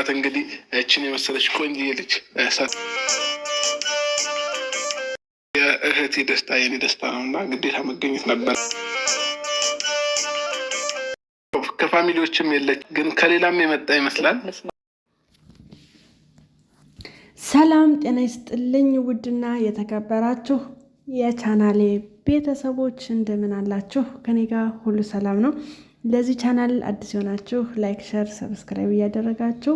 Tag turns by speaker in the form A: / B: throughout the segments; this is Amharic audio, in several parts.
A: ሀገራት እንግዲህ እችን የመሰለች ቆንጆ ልጅ የእህቴ ደስታ የኔ ደስታ ነው እና ግዴታ መገኘት ነበር። ከፋሚሊዎችም የለች ግን ከሌላም የመጣ ይመስላል።
B: ሰላም ጤና ይስጥልኝ። ውድና የተከበራችሁ የቻናሌ ቤተሰቦች እንደምን አላችሁ? ከኔ ጋር ሁሉ ሰላም ነው። ለዚህ ቻናል አዲስ የሆናችሁ ላይክ፣ ሸር፣ ሰብስክራይብ እያደረጋችሁ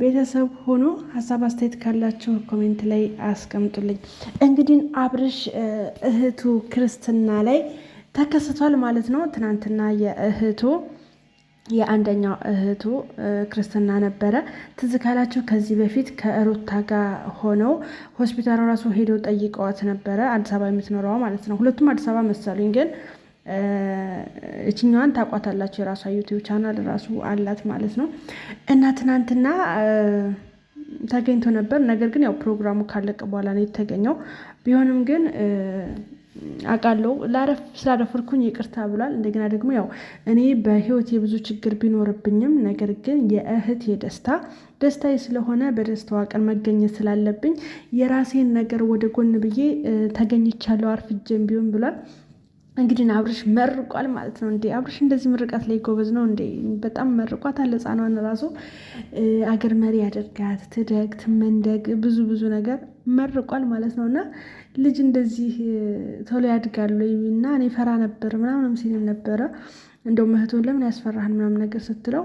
B: ቤተሰብ ሆኖ ሀሳብ አስተያየት ካላችሁ ኮሜንት ላይ አስቀምጡልኝ። እንግዲህ አብርሽ እህቱ ክርስትና ላይ ተከስቷል ማለት ነው። ትናንትና የእህቱ የአንደኛው እህቱ ክርስትና ነበረ። ትዝ ካላችሁ ከዚህ በፊት ከሩታ ጋር ሆነው ሆስፒታሉ ራሱ ሄደው ጠይቀዋት ነበረ። አዲስ አበባ የምትኖረዋ ማለት ነው። ሁለቱም አዲስ አበባ መሰሉኝ ግን እችኛዋን ታቋታላችሁ። የራሷ ዩቲዩብ ቻናል ራሱ አላት ማለት ነው። እና ትናንትና ተገኝቶ ነበር። ነገር ግን ያው ፕሮግራሙ ካለቀ በኋላ ነው የተገኘው። ቢሆንም ግን አውቃለሁ ላረፍ ስላረፍርኩኝ ይቅርታ ብሏል። እንደገና ደግሞ ያው እኔ በህይወት የብዙ ችግር ቢኖርብኝም ነገር ግን የእህቴ ደስታ ደስታዬ ስለሆነ በደስታዋ ቀን መገኘት ስላለብኝ የራሴን ነገር ወደ ጎን ብዬ ተገኝቻለሁ አርፍጄም ቢሆን ብሏል። እንግዲህ አብርሽ መርቋል ማለት ነው እንዴ! አብርሽ እንደዚህ ምርቃት ላይ ጎበዝ ነው እንዴ! በጣም መርቋት አለ። ህፃኗን ራሱ አገር መሪ ያደርጋት፣ ትደግ፣ ትመንደግ፣ ብዙ ብዙ ነገር መርቋል ማለት ነው። እና ልጅ እንደዚህ ቶሎ ያድጋሉ እና እኔ ፈራ ነበር ምናምንም ሲል ነበረ። እንደው እህቱን ለምን ያስፈራህን ምናምን ነገር ስትለው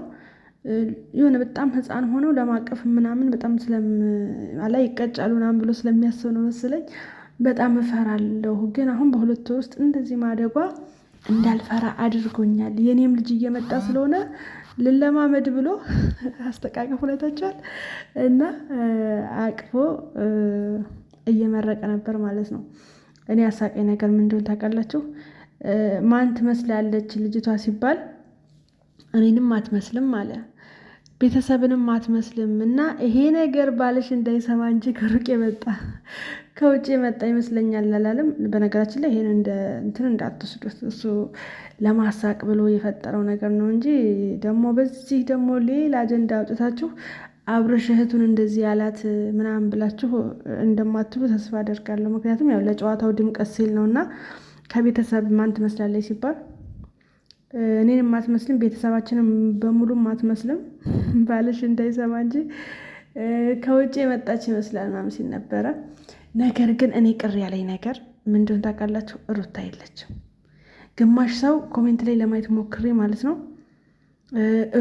B: የሆነ በጣም ህፃን ሆነው ለማቀፍ ምናምን በጣም ስለአላ ይቀጫሉ ምናምን ብሎ ስለሚያስብ ነው መስለኝ በጣም እፈራለሁ። ግን አሁን በሁለቱ ውስጥ እንደዚህ ማደጓ እንዳልፈራ አድርጎኛል። የኔም ልጅ እየመጣ ስለሆነ ልለማመድ ብሎ አስተቃቀፍ ሁለታቸዋል እና አቅፎ እየመረቀ ነበር ማለት ነው። እኔ አሳቀኝ ነገር ምን እንደሆነ ታውቃላችሁ? ማን ትመስላለች ልጅቷ ሲባል እኔንም አትመስልም አለ ቤተሰብንም አትመስልም እና ይሄ ነገር ባለሽ እንዳይሰማ እንጂ ከሩቅ የመጣ ከውጭ የመጣ ይመስለኛል አላለም። በነገራችን ላይ ይሄን እንደ እንትን እንዳትወስዱት እሱ ለማሳቅ ብሎ የፈጠረው ነገር ነው እንጂ ደግሞ በዚህ ደግሞ ሌላ አጀንዳ አውጥታችሁ አብረሽ እህቱን እንደዚህ ያላት ምናምን ብላችሁ እንደማትሉ ተስፋ አደርጋለሁ። ምክንያቱም ያው ለጨዋታው ድምቀት ሲል ነው እና ከቤተሰብ ማን ትመስላለች ሲባል እኔን ማትመስልም፣ ቤተሰባችንም በሙሉ ማትመስልም። ባለሽ እንዳይሰማ እንጂ ከውጭ የመጣች ይመስላል ምናምን ሲል ነበረ። ነገር ግን እኔ ቅር ያለኝ ነገር ምን እንደሆነ ታውቃላችሁ? ሩታ የለችም። ግማሽ ሰው ኮሜንት ላይ ለማየት ሞክሬ ማለት ነው።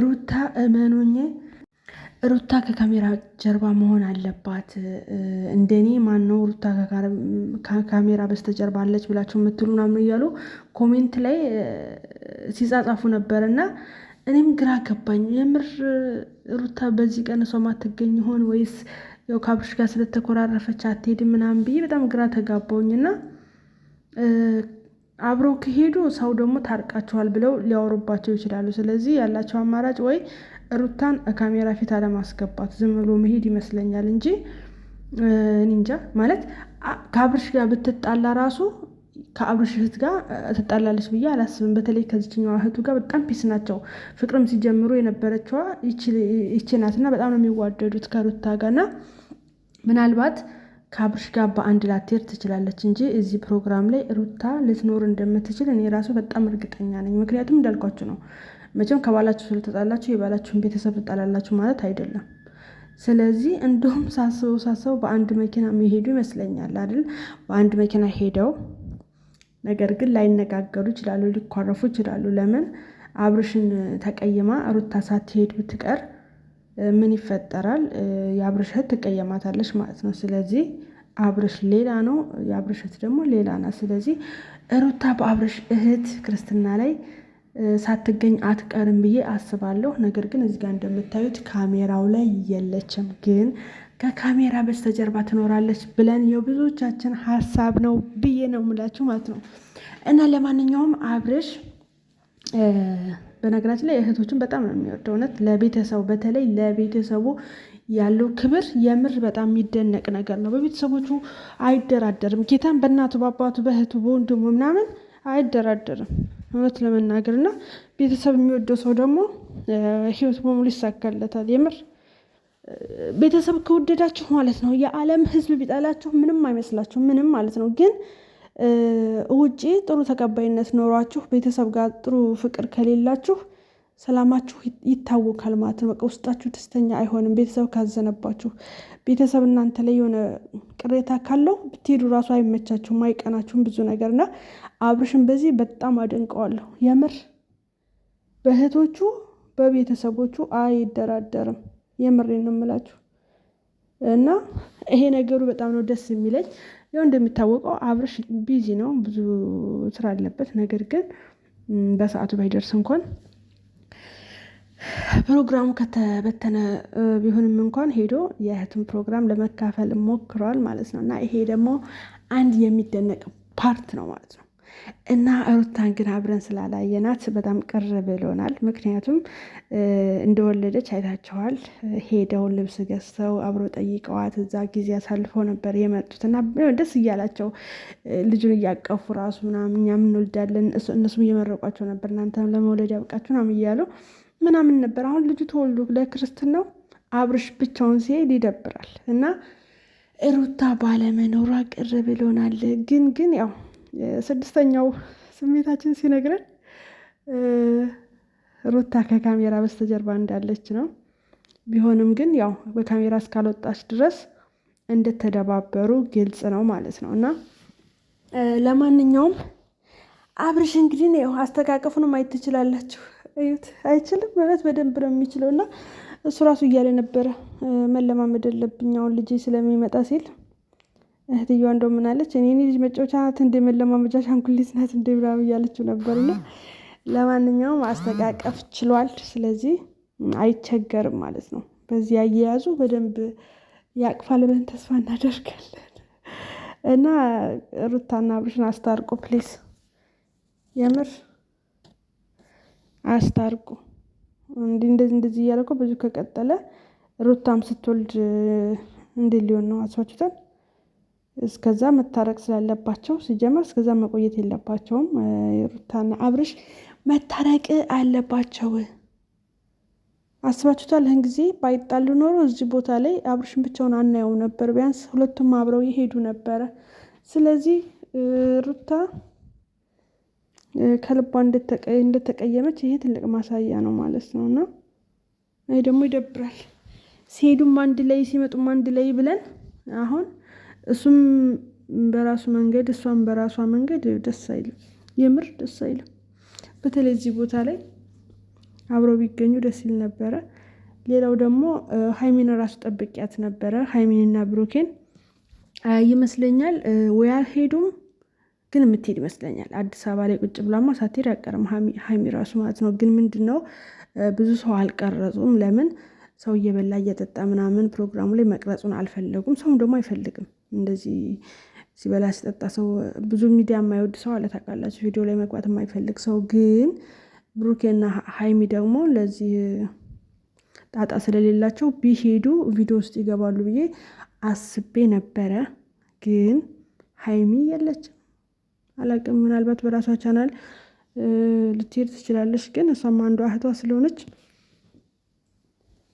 B: ሩታ እመኑኝ፣ ሩታ ከካሜራ ጀርባ መሆን አለባት። እንደኔ ማነው ሩታ ከካሜራ በስተጀርባ አለች ብላችሁ የምትሉ ምናምን እያሉ ኮሜንት ላይ ሲጻጻፉ ነበር እና እኔም ግራ ገባኝ። የምር ሩታ በዚህ ቀን እሷ ማትገኝ ይሆን ወይስ ያው ከአብርሽ ጋር ስለተኮራረፈች አትሄድም ምናምን ብዬ በጣም ግራ ተጋባውኝ እና አብረው ከሄዱ ሰው ደግሞ ታርቃቸዋል ብለው ሊያወሩባቸው ይችላሉ። ስለዚህ ያላቸው አማራጭ ወይ ሩታን ካሜራ ፊት አለማስገባት ዝም ብሎ መሄድ ይመስለኛል እንጂ እንጃ ማለት ከአብርሽ ጋር ብትጣላ ራሱ ከአብርሽ እህት ጋር ትጣላለች ብዬ አላስብም። በተለይ ከዚችኛዋ እህቱ ጋር በጣም ፒስ ናቸው። ፍቅርም ሲጀምሩ የነበረችዋ ይቺ ናትና በጣም ነው የሚዋደዱት ከሩታ ጋርና ምናልባት ከአብርሽ ጋር በአንድ ላትሄድ ትችላለች እንጂ እዚህ ፕሮግራም ላይ ሩታ ልትኖር እንደምትችል እኔ ራሱ በጣም እርግጠኛ ነኝ። ምክንያቱም እንዳልኳችሁ ነው፣ መቼም ከባላችሁ ስለተጣላችሁ የባላችሁን ቤተሰብ ትጣላላችሁ ማለት አይደለም። ስለዚህ እንደውም ሳስበው ሳስበው በአንድ መኪና የሚሄዱ ይመስለኛል አይደል? በአንድ መኪና ሄደው ነገር ግን ላይነጋገሩ ይችላሉ፣ ሊኳረፉ ይችላሉ። ለምን አብርሽን ተቀይማ ሩታ ሳትሄድ ብትቀር ምን ይፈጠራል? የአብርሽ እህት ትቀየማታለች ማለት ነው። ስለዚህ አብርሽ ሌላ ነው፣ የአብርሽ እህት ደግሞ ሌላ ናት። ስለዚህ ሩታ በአብርሽ እህት ክርስትና ላይ ሳትገኝ አትቀርም ብዬ አስባለሁ። ነገር ግን እዚጋ እንደምታዩት ካሜራው ላይ የለችም፣ ግን ከካሜራ በስተጀርባ ትኖራለች ብለን የብዙዎቻችን ሀሳብ ነው ብዬ ነው የምላችሁ ማለት ነው። እና ለማንኛውም አብርሽ በነገራችን ላይ እህቶችን በጣም ነው የሚወደው። እውነት ለቤተሰቡ በተለይ ለቤተሰቡ ያለው ክብር የምር በጣም የሚደነቅ ነገር ነው። በቤተሰቦቹ አይደራደርም። ጌታን በእናቱ በአባቱ፣ በእህቱ፣ በወንድሙ ምናምን አይደራደርም። እውነት ለመናገር እና ቤተሰብ የሚወደው ሰው ደግሞ ህይወት በሙሉ ይሳካለታል። የምር ቤተሰብ ከወደዳችሁ ማለት ነው የዓለም ህዝብ ቢጠላችሁ ምንም አይመስላችሁ ምንም ማለት ነው ግን ውጪ ጥሩ ተቀባይነት ኖሯችሁ ቤተሰብ ጋር ጥሩ ፍቅር ከሌላችሁ ሰላማችሁ ይታወካል ማለት ነው። በቃ ውስጣችሁ ደስተኛ አይሆንም። ቤተሰብ ካዘነባችሁ ቤተሰብ እናንተ ላይ የሆነ ቅሬታ ካለው ብትሄዱ ራሱ አይመቻችሁም፣ አይቀናችሁም ብዙ ነገር እና አብርሽን በዚህ በጣም አደንቀዋለሁ። የምር በእህቶቹ በቤተሰቦቹ አይደራደርም። የምር ነው የምላችሁ እና ይሄ ነገሩ በጣም ነው ደስ የሚለኝ። ያው እንደሚታወቀው አብርሽ ቢዚ ነው፣ ብዙ ስራ አለበት። ነገር ግን በሰዓቱ ባይደርስ እንኳን ፕሮግራሙ ከተበተነ ቢሆንም እንኳን ሄዶ የእህቱን ፕሮግራም ለመካፈል ሞክረዋል ማለት ነው። እና ይሄ ደግሞ አንድ የሚደነቅ ፓርት ነው ማለት ነው። እና ሩታን ግን አብረን ስላላየናት በጣም ቅር ብሎናል። ምክንያቱም እንደወለደች አይታቸዋል። ሄደው ልብስ ገዝተው አብሮ ጠይቀዋት እዛ ጊዜ አሳልፈው ነበር የመጡት እና ደስ እያላቸው ልጁን እያቀፉ ራሱ ምናምን እኛም እንወልዳለን እነሱም እየመረቋቸው ነበር እናንተም ለመውለድ ያብቃችሁ ምናምን እያሉ ምናምን ነበር። አሁን ልጁ ተወልዶ ለክርስትናው አብርሽ ብቻውን ሲሄድ ይደብራል እና ሩታ ባለመኖሯ ቅር ብሎናል። ግን ግን ያው ስድስተኛው ስሜታችን ሲነግረን ሩታ ከካሜራ በስተጀርባ እንዳለች ነው። ቢሆንም ግን ያው በካሜራ እስካልወጣች ድረስ እንደተደባበሩ ግልጽ ነው ማለት ነው። እና ለማንኛውም አብርሽ እንግዲህ ነው አስተቃቀፉን ማየት ትችላላችሁ። እዩት፣ አይችልም ማለት በደንብ ነው የሚችለው። እና እሱ ራሱ እያለ ነበረ መለማመድ አለብኝ አሁን ልጄ ስለሚመጣ ሲል እህትየዋ እንደው ምን አለች እኔ ልጅ መጫወቻ ናት እንደ መለማመጃ አሻንጉሊት ናት እንደ ብራብ እያለችው ነበር። ነበርና ለማንኛውም አስተቃቀፍ ችሏል። ስለዚህ አይቸገርም ማለት ነው። በዚህ አያያዙ በደንብ ያቅፋል ብለን ተስፋ እናደርጋለን። እና ሩታና አብርሽን አስታርቁ ፕሊስ፣ የምር አስታርቁ። እንዲህ እንደዚህ እንደዚህ እያለ እኮ ብዙ ከቀጠለ ሩታም ስትወልድ እንዴት ሊሆን ነው? አስባችሁታል? እስከዛ መታረቅ ስላለባቸው ሲጀመር እስከዛ መቆየት የለባቸውም። ሩታና አብርሽ መታረቅ አለባቸው። አስባችሁታል? ይህን ጊዜ ባይጣሉ ኖሮ እዚህ ቦታ ላይ አብርሽን ብቻውን አናየው ነበር። ቢያንስ ሁለቱም አብረው ይሄዱ ነበረ። ስለዚህ ሩታ ከልቧ እንደተቀየመች ይሄ ትልቅ ማሳያ ነው ማለት ነው። እና ይህ ደግሞ ይደብራል። ሲሄዱም አንድ ላይ ሲመጡም አንድ ላይ ብለን አሁን እሱም በራሱ መንገድ እሷም በራሷ መንገድ ደስ አይልም፣ የምር ደስ አይልም። በተለይ እዚህ ቦታ ላይ አብረው ቢገኙ ደስ ይል ነበረ። ሌላው ደግሞ ሀይሚን ራሱ ጠብቂያት ነበረ። ሀይሚንና ብሩኬን ይመስለኛል ወይ አልሄዱም፣ ግን የምትሄድ ይመስለኛል። አዲስ አበባ ላይ ቁጭ ብላማ ሳትሄድ አቀርም ሀይሚ ራሱ ማለት ነው። ግን ምንድን ነው ብዙ ሰው አልቀረጹም። ለምን ሰው እየበላ እየጠጣ ምናምን ፕሮግራሙ ላይ መቅረጹን አልፈለጉም። ሰውም ደግሞ አይፈልግም። እንደዚህ ሲበላ ሲጠጣ ሰው ብዙ ሚዲያ የማይወድ ሰው አለ ታውቃላችሁ፣ ቪዲዮ ላይ መግባት የማይፈልግ ሰው። ግን ብሩኬና ሀይሚ ደግሞ ለዚህ ጣጣ ስለሌላቸው ቢሄዱ ቪዲዮ ውስጥ ይገባሉ ብዬ አስቤ ነበረ። ግን ሀይሚ የለችም። አላቅም፣ ምናልባት በራሷ ቻናል ልትሄድ ትችላለች። ግን እሷም አንዷ እህቷ ስለሆነች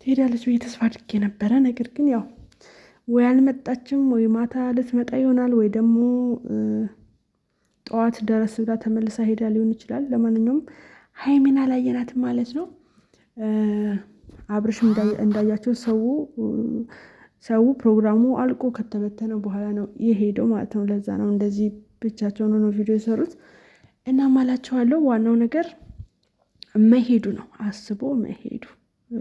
B: ትሄዳለች ብዬ ተስፋ አድርጌ ነበረ። ነገር ግን ያው ወይ አልመጣችም ወይ ማታ ልትመጣ ይሆናል ወይ ደግሞ ጠዋት ደረስ ብላ ተመልሳ ሄዳ ሊሆን ይችላል። ለማንኛውም ሀይሚን አላየናትም ማለት ነው። አብርሽ እንዳያቸው ሰው ሰው ፕሮግራሙ አልቆ ከተበተነ በኋላ ነው የሄደው ማለት ነው። ለዛ ነው እንደዚህ ብቻቸውን ሆኖ ቪዲዮ የሰሩት እና ማላቸዋለው ዋናው ነገር መሄዱ ነው፣ አስቦ መሄዱ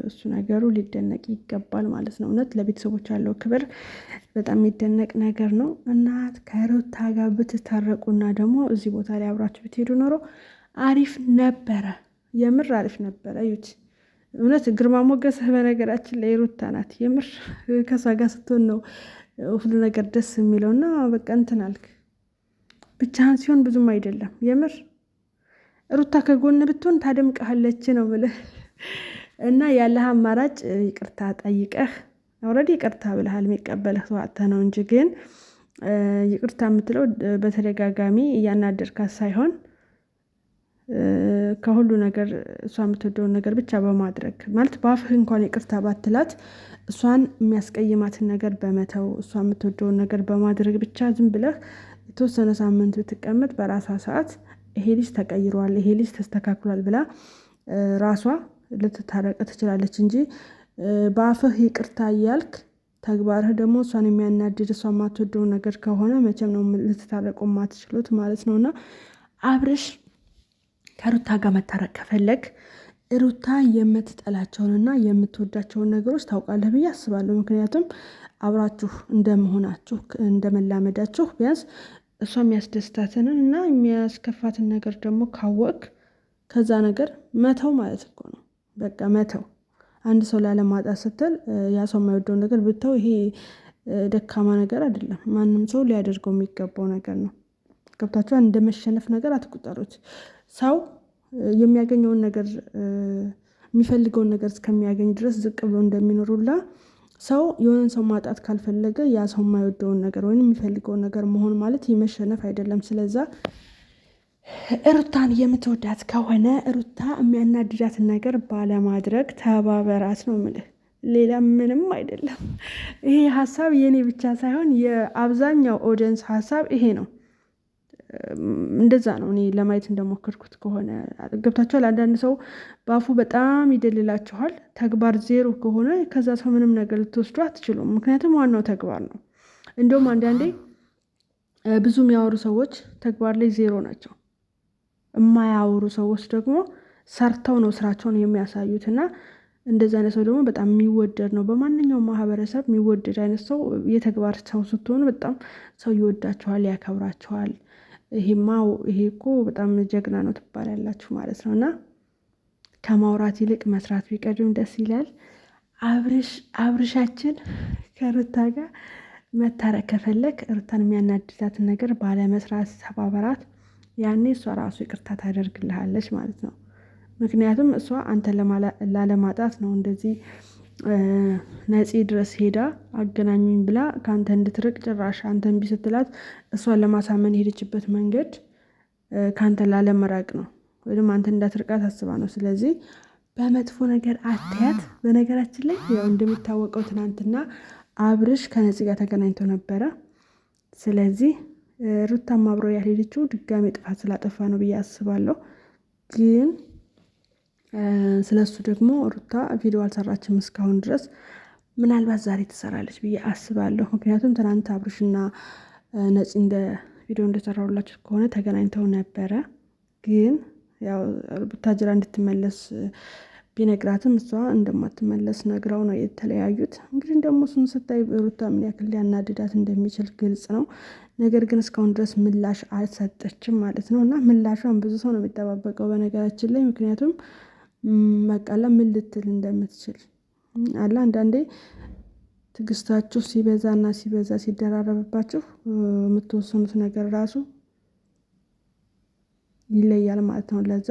B: እሱ ነገሩ ሊደነቅ ይገባል ማለት ነው። እውነት ለቤተሰቦች ያለው ክብር በጣም የሚደነቅ ነገር ነው። እናት ከሩታ ጋር ብትታረቁና ደግሞ እዚህ ቦታ ላይ አብራችሁ ብትሄዱ ኖሮ አሪፍ ነበረ። የምር አሪፍ ነበረ። ዩት እውነት ግርማ ሞገስህ በነገራችን ላይ ሩታ ናት። የምር ከሷ ጋር ስትሆን ነው ሁሉ ነገር ደስ የሚለውና በቃ እንትን አልክ። ብቻህን ሲሆን ብዙም አይደለም። የምር ሩታ ከጎን ብትሆን ታደምቀሃለች ነው የምልህ። እና ያለህ አማራጭ ይቅርታ ጠይቀህ ኦሬዲ ይቅርታ ብለሃል የሚቀበልህ ሰው አጥተህ ነው እንጂ ግን ይቅርታ የምትለው በተደጋጋሚ እያናደድካት ሳይሆን ከሁሉ ነገር እሷ የምትወደውን ነገር ብቻ በማድረግ ማለት በአፍህ እንኳን ይቅርታ ባትላት እሷን የሚያስቀይማትን ነገር በመተው እሷ የምትወደውን ነገር በማድረግ ብቻ ዝም ብለህ የተወሰነ ሳምንት ብትቀመጥ በራሷ ሰዓት ይሄ ልጅ ተቀይሯል፣ ይሄ ልጅ ተስተካክሏል ብላ ራሷ ልትታረቅ ትችላለች እንጂ በአፍህ ይቅርታ እያልክ ተግባርህ ደግሞ እሷን የሚያናድድ እሷ የማትወደው ነገር ከሆነ መቼም ነው ልትታረቁ የማትችሉት ማለት ነው። እና አብርሽ ከሩታ ጋር መታረቅ ከፈለግ ሩታ የምትጠላቸውንና የምትወዳቸውን ነገሮች ታውቃለህ ብዬ አስባለሁ። ምክንያቱም አብራችሁ እንደመሆናችሁ እንደመላመዳችሁ ቢያንስ እሷ የሚያስደስታትንን እና የሚያስከፋትን ነገር ደግሞ ካወቅ ከዛ ነገር መተው ማለት እኮ ነው። በቃ መተው። አንድ ሰው ላለማጣት ስትል ያ ሰው የማይወደው ነገር ብተው ይሄ ደካማ ነገር አይደለም። ማንም ሰው ሊያደርገው የሚገባው ነገር ነው። ገብታችኋል? እንደ መሸነፍ ነገር አትቁጠሩት። ሰው የሚያገኘውን ነገር የሚፈልገውን ነገር እስከሚያገኝ ድረስ ዝቅ ብሎ እንደሚኖሩላ ሰው የሆነን ሰው ማጣት ካልፈለገ ያ ሰው የማይወደውን ነገር ወይም የሚፈልገውን ነገር መሆን ማለት ይህ መሸነፍ አይደለም። ስለዛ ሩታን የምትወዳት ከሆነ ሩታ የሚያናድዳትን ነገር ባለማድረግ ተባበራት ነው የምልህ። ሌላ ምንም አይደለም። ይሄ ሀሳብ የእኔ ብቻ ሳይሆን የአብዛኛው ኦዲየንስ ሀሳብ ይሄ ነው። እንደዛ ነው እኔ ለማየት እንደሞከርኩት ከሆነ ገብታችኋል። አንዳንድ ሰው በአፉ በጣም ይደልላችኋል፣ ተግባር ዜሮ ከሆነ ከዛ ሰው ምንም ነገር ልትወስዱ አትችሉም። ምክንያቱም ዋናው ተግባር ነው። እንደውም አንዳንዴ ብዙ የሚያወሩ ሰዎች ተግባር ላይ ዜሮ ናቸው። የማያወሩ ሰዎች ደግሞ ሰርተው ነው ስራቸውን የሚያሳዩት እና እንደዚህ አይነት ሰው ደግሞ በጣም የሚወደድ ነው። በማንኛውም ማህበረሰብ የሚወደድ አይነት ሰው የተግባር ሰው ስትሆኑ በጣም ሰው ይወዳቸዋል፣ ያከብራቸዋል። ይሄማ ይሄ እኮ በጣም ጀግና ነው ትባላላችሁ ማለት ነው። እና ከማውራት ይልቅ መስራት ቢቀድም ደስ ይላል። አብርሻችን ከሩታ ጋር መታረቅ ከፈለግ ሩታን የሚያናድዳትን ነገር ባለመስራት ሰባበራት። ያኔ እሷ ራሱ ይቅርታ ታደርግልሃለች ማለት ነው። ምክንያቱም እሷ አንተ ላለማጣት ነው እንደዚህ ነፂ ድረስ ሄዳ አገናኙኝ ብላ ከአንተ እንድትርቅ ጭራሽ አንተ እምቢ ስትላት እሷን ለማሳመን የሄደችበት መንገድ ከአንተ ላለመራቅ ነው ወይም አንተ እንዳትርቃት አስባ ነው። ስለዚህ በመጥፎ ነገር አትያት። በነገራችን ላይ ያው እንደሚታወቀው ትናንትና አብርሽ ከነፂ ጋር ተገናኝቶ ነበረ። ስለዚህ ሩታም አብሮ ያልሄደችው ድጋሚ ጥፋት ስላጠፋ ነው ብዬ አስባለሁ። ግን ስለሱ ደግሞ ሩታ ቪዲዮ አልሰራችም እስካሁን ድረስ። ምናልባት ዛሬ ትሰራለች ብዬ አስባለሁ። ምክንያቱም ትናንት አብርሽና ነፂ እንደ ቪዲዮ እንደሰራሁላችሁ ከሆነ ተገናኝተው ነበረ። ግን ያው ቡታጅራ እንድትመለስ ቢነግራትም እሷ እንደማትመለስ ነግራው ነው የተለያዩት። እንግዲህ ደግሞ እሱን ስታይ ሩታ ምን ያክል ሊያናድዳት እንደሚችል ግልጽ ነው። ነገር ግን እስካሁን ድረስ ምላሽ አልሰጠችም ማለት ነው። እና ምላሿን ብዙ ሰው ነው የሚጠባበቀው በነገራችን ላይ ምክንያቱም መቃላ ምን ልትል እንደምትችል አለ። አንዳንዴ ሲበዛ ሲበዛና ሲበዛ ሲደራረብባችሁ የምትወስኑት ነገር ራሱ ይለያል ማለት ነው ለዛ